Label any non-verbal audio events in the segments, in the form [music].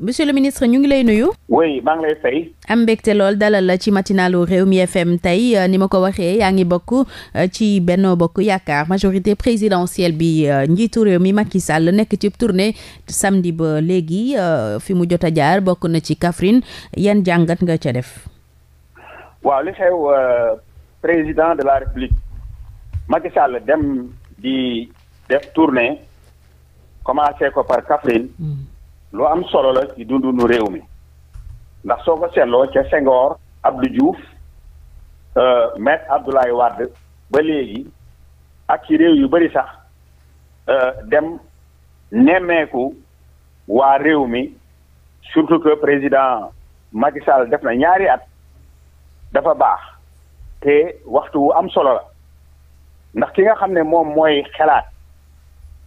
monsieur le ministre ñu ngi lay nuyu. oui maa ngi lay fay. am mbégte lool dalal la ci matinalu Rewmi FM tey euh, ni ma ko waxee yaa ngi bokk euh, ci Benno Bokk Yaakaar majorité présidentielle bi euh, njiitu réew mi Macky Sall nekk ci tournée samedi ba léegi fi mu jot a jaar bokk na ci kafrin yan jàngat nga ca def. waaw li xew président de la République Macky dem di def tournée commencé ko par Kaffrine. Mm-hmm. lu am solo la ci dundunu réew mi ndax soo ko seetloo ca sengoor Abdou Diouf euh, maître Abdoulaye Wade ba léegi ak ci réew yu bari sax euh, dem nemmeeku waa réew mi surtout que président Macky Sall def na ñaari at dafa baax te waxtu wu am solo la ndax ki nga xam ne moom mooy xalaat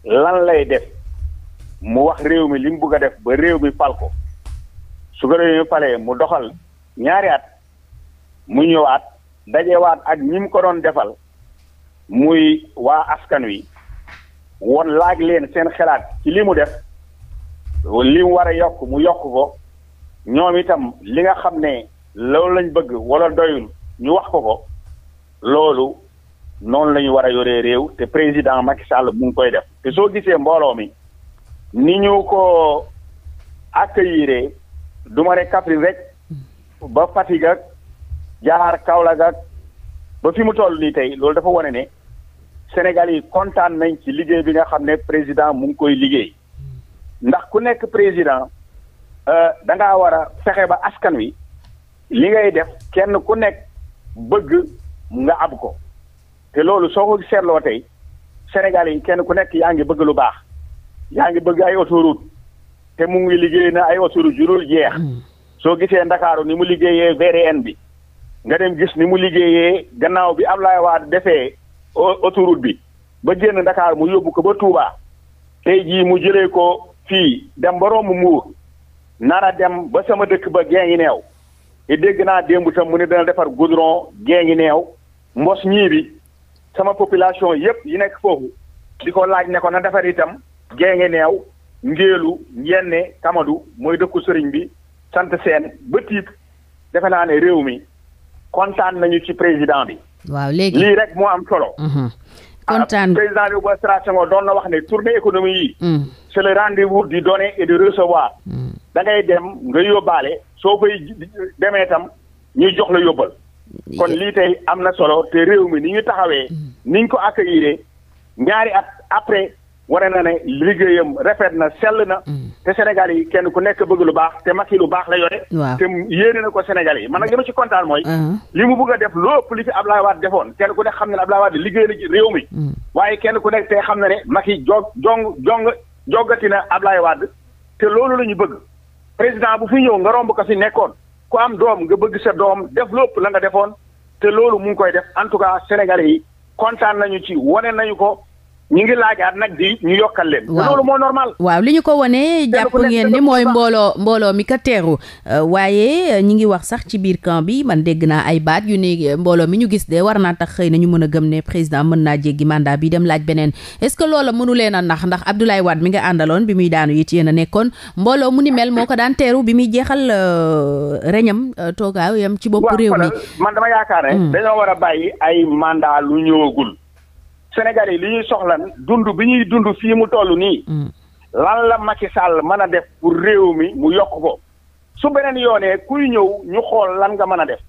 lan lay def mu wax réew mi li mu bëgg a def ba réew mi fal ko su ko réew mi falee mu doxal ñaari at mu ñëwaat dajewaat ak ñi mu ko doon defal muy waa askan wi won laaj leen seen xalaat ci li mu def li mu war a yokk mu yokk ko ñoom itam li nga xam ne loolu lañ bëgg wala doyul ñu wax ko ko loolu noonu la ñu war a yore réew te président Macky Sall mu ngi koy def te soo gisee mbooloo mi ni ñu ko accueillir du ma ne Kaffrine rek ba Fatick ak Diakhar Kaolack ba fi mu toll nii tey loolu dafa wane ne Sénégal yi kontaan nañ ci liggéey bi nga xam ne président mu ngi koy liggéey ndax ku nekk président euh, da ngaa war a fexe ba askan wi li ngay def kenn ku nekk bëgg nga ab ko te loolu soo ko seetloo tey Sénégal yi kenn ku nekk yaa ngi bëgg lu baax yaa ngi bëgg ay autoroute te mu ngi liggéey na ay autoroute yu jeex hmm. soo gisee ndakaaru ni mu liggéeyee VDN bi nga dem gis ni mu liggéeyee gannaaw bi Ablaye Wade defee autoroute bi ba génn ndakaar mu yóbbu ko ba Touba te jii mu jëlee ko fii dem ba romb Mbuur nara dem ba sama dëkk ba geengi neew i dégg naa démb tam mu ne dana defar goudron ngi neew mbos ñii bi sama population yépp yi nekk foofu di ko laaj ne ko na defar itam Géenge neew Ngéelu Njenne Tamadu mooy dëkku sëriñ bi sant seen ba tiit defe naa ne réew mi kontaan nañu ci président bi. waaw léegi lii rek moo am solo. Mhm. Ah, kontaan président bi Léopold Sédar Senghor doon na wax ne tournée économie yi. Mm. c'est le rendez-vous du donner et du recevoir. Mm. da ngay dem nga yóbbaale soo fay demee tam ñuy jox la yóbbal. kon lii tey am na solo te réew mi niñu taxawee. Mm. niñ ko accueillir ñaari at après. wane na ne liggéeyam rafet na sell na. Mm. te Sénégal yi kenn ku nekk bëgg lu baax te Macky lu baax la yore. waaw te yéene na ko Sénégal yi man nag deme ma ci kontaan mooy. Uh-huh. li mu bëgg a def lépp li fi Abdoulaye Wade defoon kenn ku nekk xam na ne Abdoulaye Wade liggéey na ci réew mi. Mm. waaye kenn ku nekk tey xam na ne Macky jog jong jong joggati na ablaay Wade te loolu la ñu bëgg président bu fi ñëw nga romb ko si nekkoon ku am doom nga bëgg sa doom def lépp la nga defoon te loolu mu ngi koy def en tout cas Sénégalais yi kontaan nañu ci wane nañu ko. ñu ngi laajaat nag di ñu yokkal leen. waaw waaw li ñu ko wane jàpp ngeen ni mooy mbooloo mbooloo mi ko teeru. Euh, waaye euh, ñu ngi wax sax ci biir camp bi man dégg naa ay baat yu ni euh, mbooloo mi ñu gis de war naa tax xëy na ñu mën a gëm ne président mën naa jéggi mandat bi dem laaj beneen est-ce que loola mënu leen a nax ndax Abdoulaye Wade mi nga a nekkoon mbooloo mu ni mel moo ko daan teeru bi muy jeexal reñam toogaayam ci bopp réew mi. man dama yaakaar ne hmm. dañoo war a bàyyi ay mandat lu ñëwagul Sénégal yi li ñuy soxlan dund bi ñuy dund fii mu toll nii. Mm. lan la Macky sàll mën a def pour réew mi mu yokk ko su beneen yoonee kuy ñëw ñu xool lan nga mën a def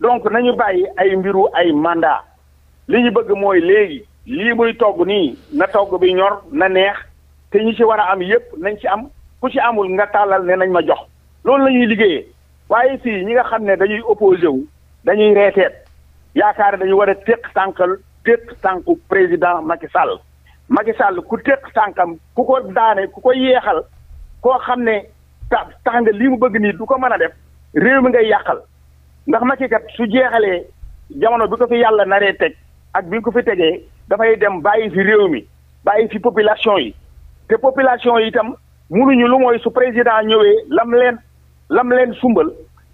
donc nañu bàyyi ay mbiru ay mandat li ñu bëgg mooy léegi lii muy togg nii na togg bi ñor na neex te ñi ci war a am yépp nañ ci am ku ci amul nga tàllal ne nañ ma jox loolu la ñuy liggéeyee waaye fii ñi nga xam ne dañuy opposé wu dañuy reeteet yaakaar ne dañu war a téq tànkal téq tànku président Macky Sall Macky Sall ku téq tànkam ku ko daane ku ko yeexal koo xam ne tax nga lii mu bëgg nii du ko mën a def réew mi ngay yàqal ndax Macky kat su jeexalee jamono bi ko fi yàlla naree teg ak bi ko fi tegee dafay dem bàyyi fi réew mi bàyyi fi population yi te population yi itam munuñu lu mooy su président ñëwee lam leen lam leen sumbal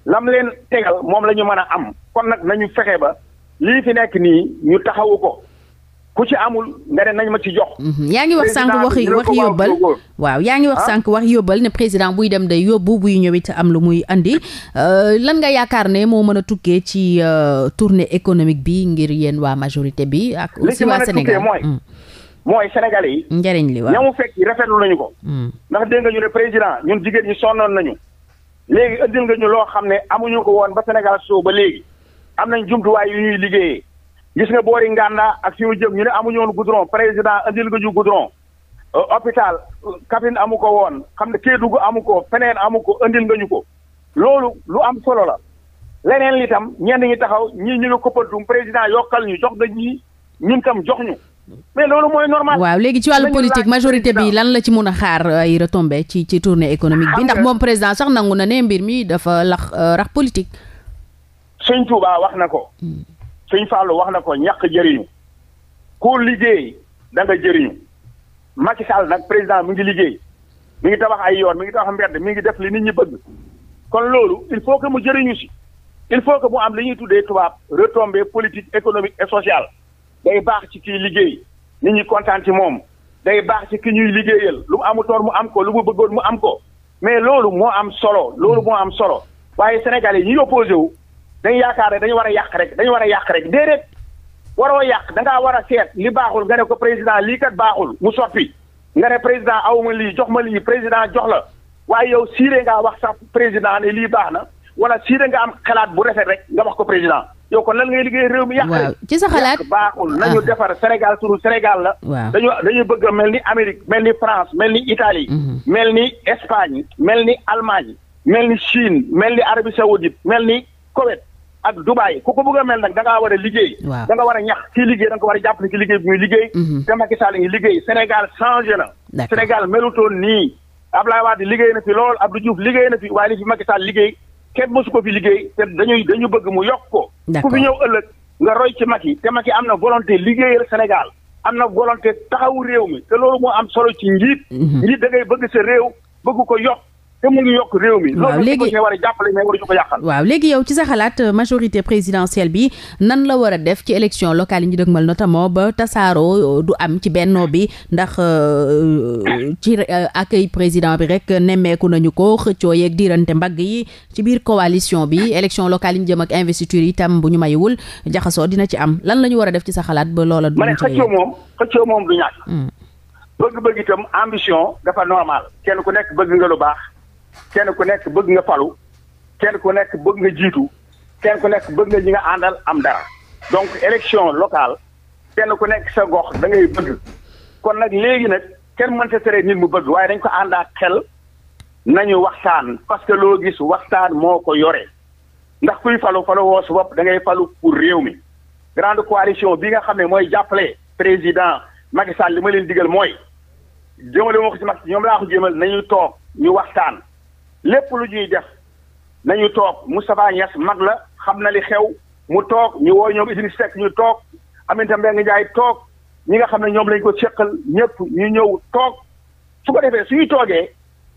lam leen tegal moom la ñu mën a am kon nag nañu fexe ba lii fi nekk nii ñu taxawu ko ku ci amul nga ne nañ ma ci jox. Mhm. yaa ngi wax sànq wax wax yóbbal waaw yaa ngi wax ah? sànq wax yóbbal ne président buy dem day yóbbu buy ñëw it am lu muy andi euh, lan nga yaakaar ne moo mën a tukkee ci euh, tournée économique bi ngir yéen waa majorité bi ak. aussi waa Sénégal mooy. Mhm. mooy sénégalais yi. njariñ li waa ña mu fekk rafetlu nañu ko. Mhm. ndax dégg nga ñu ne président ñun jigéen ñi sonnoon nañu. léegi ëndil nga ñu loo xam ne amuñu ko woon ba Sénégal soo am nañ jumtuwaay yu ñuy liggéeyee gis nga boori Nganda ak fi mu jëm ñu ne amuñu woon goudron président andil nga ñu goudron opital euh, Kaffrine amu ko woon xam ne Kédougou amu ko feneen amu ko andil nga ñu ko loolu lu am solo la leneen li tam ñenn ñi taxaw ñi ñu ngi koppatum président yokkal ñu jox nga ñi ñun tam jox ñu mais loolu mooy normal. waaw léegi ci wàll politique majorité bi lan la ci mun a xaar euh, ay retombé ci ci tournée économique bi. ndax moom président sax nangu na ne mbir mi dafa lax euh, rax politique. sëñ Touba wax na ko hmm. sëñ Fallou wax na ko ñàkk jëriñu ku liggéey da nga jëriñu Macky Sall nag président mi ngi liggéey mi ngi tabax ay yoon mi ngi tabax mbedd mi ngi def li nit ñi bëgg kon loolu il faut que mu jëriñu si il faut que mu am li ñuy tuddee tubaab retombée politique économique et sociale day baax ci kiy liggéey ni ñi kontaan ci moom day baax ci ki ñuy liggéeyal lu mu amutoon mu am ko lu mu bëggoon mu am ko mais loolu moo am solo loolu moo am solo waaye sénégalais yi ñuy opposé wu dañu yaakaar ne dañu war a yàq rek dañu war a yàq rek déedéet waroo yàq da war a seet li baaxul nga ne ko président lii kat baaxul mu soppi nga ne président aw ma lii jox ma lii président jox la waaye yow siiree ngaa wax sax président ne lii baax na wala siiree nga am xalaat bu rafet rek nga wax ko président. yow kon lan ngay liggéey réew mi yàq waaw ci sa xalaat baaxul ah. nañu defar Sénégal sunu Sénégal la dañu dañuy bëgg mel ni Amérique mel ni France mel ni Italie mhm. mel ni Espagne mel ni Allemagne mel ni Chine mel ni Arabie Saoudite mel ni Koweït ak Dubaay ku ko bëgg a mel nag da ngaa war liggéey da nga war a ñax kii liggéey da nga ko war a jàppale ci liggéey bi muy liggéey mhm. te Macky Sall ngi liggéey Sénégal changé na Sénégal melutoon nii Abdoulaye Wade liggéey na fi lool Abdou Diouf liggéey na fi waaye li fi Macky Sall liggéey kenn mosu ko fi liggéey te dañu bëgg mu yokk ko ku fi ñëw ëllëg nga roy ci Macky te Macky am na volonté liggéeyal Sénégal am na volonté taxawu réew mi te loolu moo am solo ci njiit mhm. da bëgg sa réew bëgg ko yokk te mu ngi yokk réew mi. waaw léegi yow ci sa xalaat euh, majorité présidentielle bi nan la war a def ci élection locale yi ñu dëgmal notamment ba tasaaroo euh, du am ci benno bi ndax euh, ci accueil président bi rek nemmeeku nañu ko xëccoo yeeg diirante mbagg yi ci biir coalition bi élection local yi ñu jëm ak investiture yi bu ñu mayewul jaxasoo dina ci am lan la ñu war a def ci sa xalaat ba loola. du ñu xëccoo moom xëccoo moom du ñàkk. Hmm. bëgg-bëgg itam ambition kenn ku nekk bëgg nga falu kenn ku nekk bëgg nga jiitu kenn ku nekk bëgg nga ñi nga àndal am dara donc élection locale kenn ku nekk sa gox da ngay bëgg kon nag léegi nag kenn mën mënta tere nit mu bëgg waaye dañ ko àndaat xel nañu waxtaan parce que loo gis waxtaan moo ko yore ndax kuy falu falu woo su bopp da ngay falu pour réew mi grande coalition bi nga xam ne mooy jàppale président Macky Sall li ma leen digal mooy jëmale ma ko ci Macky ñoom laa ko jëmal nañu toog ñu waxtaan lépp lu ñuy def nañu toog Moustapha Niass mag la xam na li xew mu toog ñu woo ñoom Idriss Seck ñu toog Aminata Mbengue Ndiaye toog ñi nga xam ne ñoom lañ ko seqal ñëpp ñu ñëw toog su ko defee suñu toogee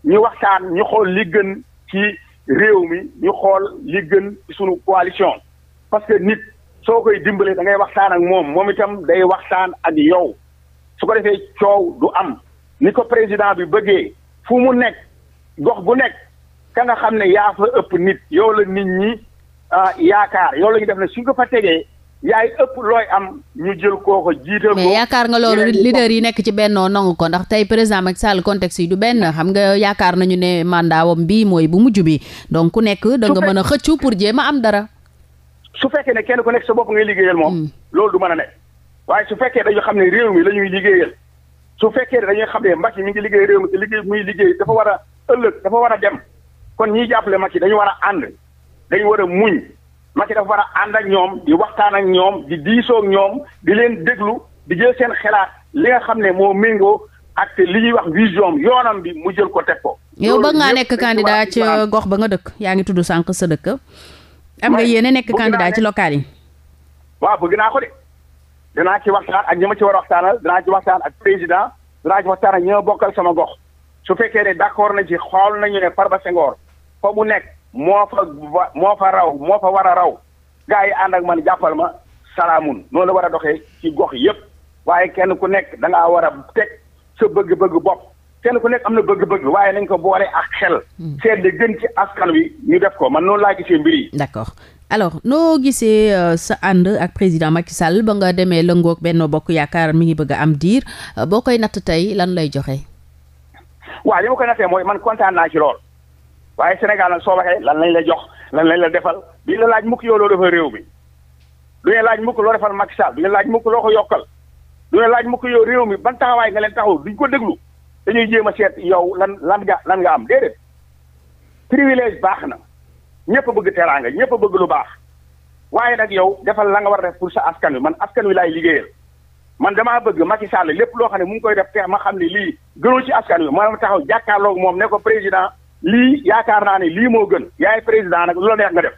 ñu waxtaan ñu xool li gën ci réew mi ñu xool li gën ci suñu coalition parce que nit soo koy dimbalee da ngay waxtaan ak moom moom itam day waxtaan ak yow su ko defee coow du am ni ko président bi bëggee fu mu nekk gox gu nekk ka nga xam ne yaa fa ëpp nit yow la nit ñi ah, yaakaar yow la ñu def ne suñ ko fa tegee yaay ëpp looy am ñu jël kooko jiital ko mais yaakaar nga loolu leader yi nekk ci bennoo nangu ko ndax tey présent Macky Sall contexte yi du benn xam nga yaakaar nañu ne mandaawam bi mooy bu mujj bi donc ku nekk da nga mën a xëccu pour jéem a am dara su fekkee ne kenn ku nekk sa bopp ngay liggéeyal moom hmm. loolu du mën a nekk waaye su fekkee xam ne réew mi la ñuy liggéeyal su fekkee dañuy xam ne Macky mi ngi liggéey réew mi te liggéey dafa war dafa war a dem kon ñiy jàppale ma Macky dañu war a ànd dañu war a muñ Macky dafa war a ànd ak ñoom di waxtaan ak ñoom di diisoo ñoom di leen déglu di jël seen xalaat li nga xam ne moo méngoo ak li ñuy wax vision yoonam bi mu jël ko teg ko. yow ba ngaa nekk candidat ci euh, gox ba nga dëkk yaa ngi tudd sànq sa dëkk. am nga yéene nekk candidat ci local yi. waaw bëgg naa ko de danaa ci waxtaan ak ñi ma ci war a waxtaanal danaa ci waxtaan ak président danaa ci waxtaan ak ñi ma bokkal sama gox su fekkee ne d'accord na ci xool nañu ne Farba Senghor fa mu nekk moo fa moo fa raw moo fa war a raw gaa yi ànd ak man jàppal ma salaamun noonu la war a doxee ci gox yépp waaye kenn ku nekk da ngaa war a teg sa bëgg-bëgg bopp kenn ku nekk am na bëgg-bëgg waaye nañ ko boole ak xel. Hmm. seet li gën ci askan wi ñu def ko man noonu laa gisee mbir yi. d'accord alors noo gisee euh, sa ànd ak président Macky Sall ba nga demee lëngook Benno Bokk Yaakaar mi ngi bëgg a am diir euh, boo koy natt tey lan lay joxe. waa li ma koy nattee mooy man kontaan naa ci lool. waaye Sénégal nag soo waxee lan lañ la jox lan lañ la defal di la laaj mukk yow loo defal réew mi du ñu laaj mukk loo defal Macky Sall laaj mukk ko yokkal du laaj mukk yow réew mi ban taxawaay nga leen taxaw duñ ko déglu dañuy jéem a seet yow lan lan nga lan nga am déedéet baax na ñëpp a bëgg teraanga ñëpp bëgg lu baax waaye nag yow defal la nga war a pour sa askan wi man askan wi laay liggéeyal man damaa bëgg Macky Sall lépp loo xam ne mu ngi koy def te ma xam ne lii gënul ci askan wi ma taxaw jàkkaarloog moom ne ko président lii yaakaar naa ne lii moo gën yaay président nag lu la neex nga def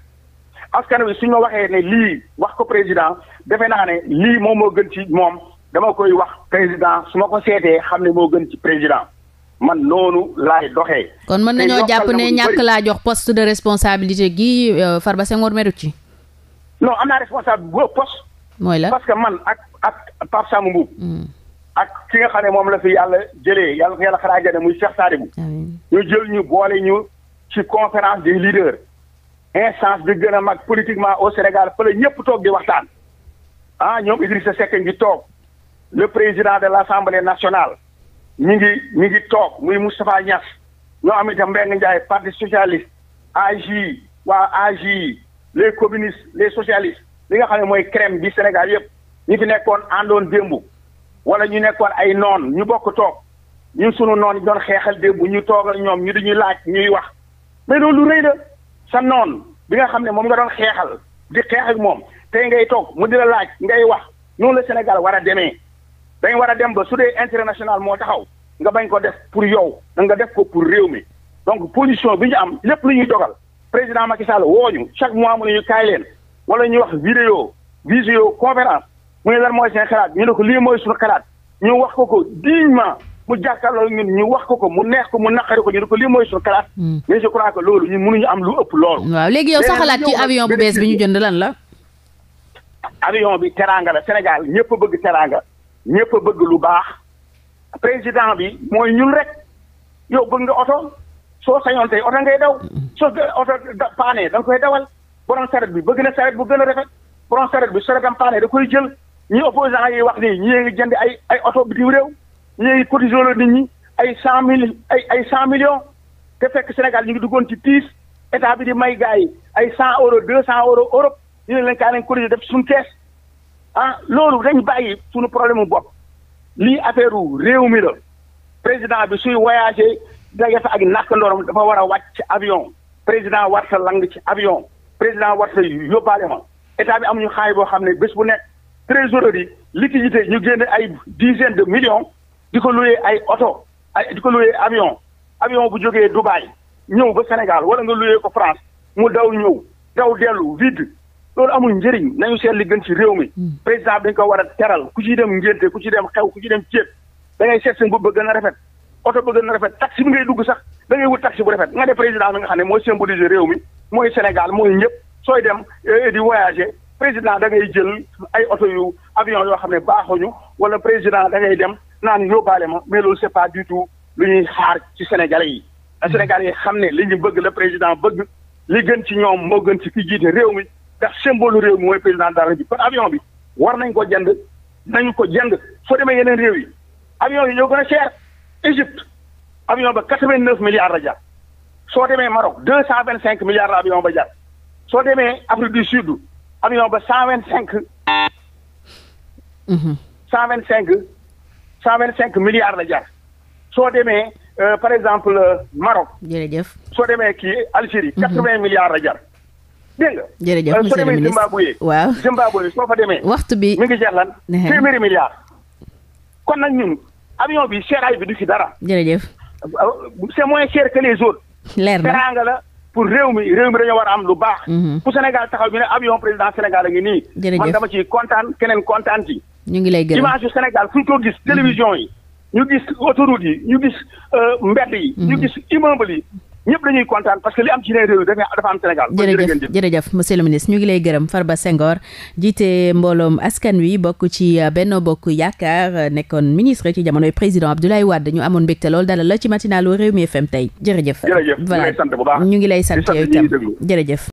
askan wi suñ ma waxee ne lii wax ko président defe naa ne lii moom moo gën ci moom dama koy wax président su ma ko seetee xam ne moo gën ci président man noonu laay doxee. kon mën nañoo jàpp ne ñàkk laa jox poste de responsabilité gi euh, Farba Senghor meru ci. non am naa responsable bu poste. mooy la parce que man ak ak Pape Samba Mboup hmm. ak ki nga xam ne moom la fi yàlla jëlee yàlla ko yàlla xara ajjana muy Cheikh Sadibou ñu jël ñu boole ñu ci conférence des leaders instance bi gën a mag politiquement au Sénégal fële ñëpp toog di waxtaan ah ñoom Idrissa Seck ngi toog le président de l'Assemblée nationale ñi ngi mi ngi toog muy Moustapha Niass ñoo am itam Mbengue Ndiaye parti socialiste AJ waa AJ les communistes les socialistes li nga xam ne mooy crème bi Sénégal yëpp ñi fi nekkoon àndoon démb wala ñu nekkoon ay noon ñu bokk toog ñu sunu noon ñu doon xeexal démb ñu toogal ñoom ñu dañuy laaj ñuy wax mais loolu rëy la sa noon bi nga xam ne moom nga doon xeexal di xeex ak moom tey ngay toog mu di la laaj ngay wax noonu la Sénégal war a demee dañ war a dem ba su dee international moo taxaw nga bañ ko def pour yow da nga def ko pour réew mi donc position bi ñu am lépp lu ñuy dogal président Macky woo ñu chaque mois mu ne ñu kaay leen wala ñuy wax vidéo visio conférence mu ne lan mooy seen xalaat ñu ne ko lii mooy suñu xalaat ñu wax ko ko dignement mu jàkkaarloo ñun ñu wax ko ko mu neex ko mu naqari ko ñu ne ko lii mooy suñu xalaat. Hmm. mais je crois que loolu ñun mënuñu am lu ëpp loolu. waaw léegi yow sa xalaat ci avion bu bees bi ñu jënd lan la. avion bi teraanga la Sénégal ñëpp bëgg teraanga ñëpp bëgg lu baax président bi mooy ñun rek yow bëgg nga oto soo sañoon tey oto ngay daw soo oto paanee da nga koy dawal borom saret bi bëgg na saret bu gën a rafet borom saret bi saretam paanee da koy jël. ñi opposant yi wax nii ñi ngi jënd ay ay oto bitim réew ñi ngi cotisé la nit ñi ay cent mille ay ay cent te fekk Sénégal ñu ngi duggoon ci tiis état bi di may gars yi ay cent euros deux cent euros Europe ñu ne leen kaa leen cotisé def suñu kees ah loolu dañ bàyyi suñu problème mu bopp lii affaire réew mi la président bi suy voyagé dina fa ak nàkk ndorom dafa war a wàcc ci avion président war sa lang ci avion président war sa yóbbaale ma état bi amuñu xaay boo xam ne bés bu nekk trésorerie liquidité ñu génne ay dizaine de millions di ko loué ay oto ay di ko loué avion avion bu jógee Dubaï ñëw ba Sénégal wala nga loué ko France mu daw ñëw daw dellu vide loolu amu njëriñ nañu seet li gën ci réew mi hmm. président dañ ko war teral ku ci dem ngénte ku ci dem xew ku ci dem ceeb da ngay seet seen bopp ba gën a rafet oto ba gën a rafet taxi bi ngay dugg sax da ngay wut taxi bu rafet nga def président bi nga xam ne mooy symboliser réew mi mooy Sénégal mooy ñëpp sooy dem eh, di voyager président da ngay jël ay oto yu avion yoo xam ne baaxuñu wala président da dem naan yoo yóbbaale ma mais loolu c'est pas du tout lu ñuy xaar ci sénégal yi. Mm-hmm. Sénégalais yi xam ne li ñu bëgg la président bëgg li gën ci ñoom moo gën ci ki jiite réew mi ndax symbole réew mi mooy président dara ji kon avion bi war nañ ko jënd nañu ko jënd foo demee yeneen réew yi avion yi ñoo gën a cher Égypte avion ba quatre-vingt-neuf milliards la jar soo demee Maroc deux cent vingt-cinq milliards la avion ba jar soo demee Afrique du Sud. avion ba cent vingt mm-hmm. cinq cent vingt cinq cent vingt cinq milliards la jar soo demee euh, par exemple euh, Maroc jërëjëf soo demee kii Algérie mm-hmm. quatre vingt milliards la jar dégg nga jërëjëf euh, monsieur le ministre soo demee Zimbabwe waaw Zimbabwe soo fa demee waxtu bi mi ngi jeex lan [laughs] téeméeri milliards kon nag ñun avion bi seeraay bi du ci dara jërëjëf c'est moins cher que les autres leer na pour réew mi réew mi dañoo war am lu baax. pour mhm. Sénégal taxaw bi ne avion président Sénégal a ngi nii. jërëjëf man dama ci kontaan keneen kontaan ci. ñu ngi lay gërëm image yu Sénégal fu ñu ko gis mhm. télévision yi. ñu gis autoroute yi ñu gis euh, mbedd yi. ñu mhm. gis immeuble yi ñëpp dañuy kontaan parce que li am ci réew mi dafa Sénégal. jërëjëf jërëjëf monsieur le ministre ñu ngi lay gërëm far Farba Senghor jiite mbooloom askan wi bokk ci euh, Benno Bokk Yaakaar euh, nekkoon ministre ci jamonoy président Abdoulaye Wade ñu amoon mbégte lool dalal la ci matinalu Rewmi FM tey jërëjëf. jërëjëf ñu ngi lay sant bu ñu ngi lay sant yow jërëjëf.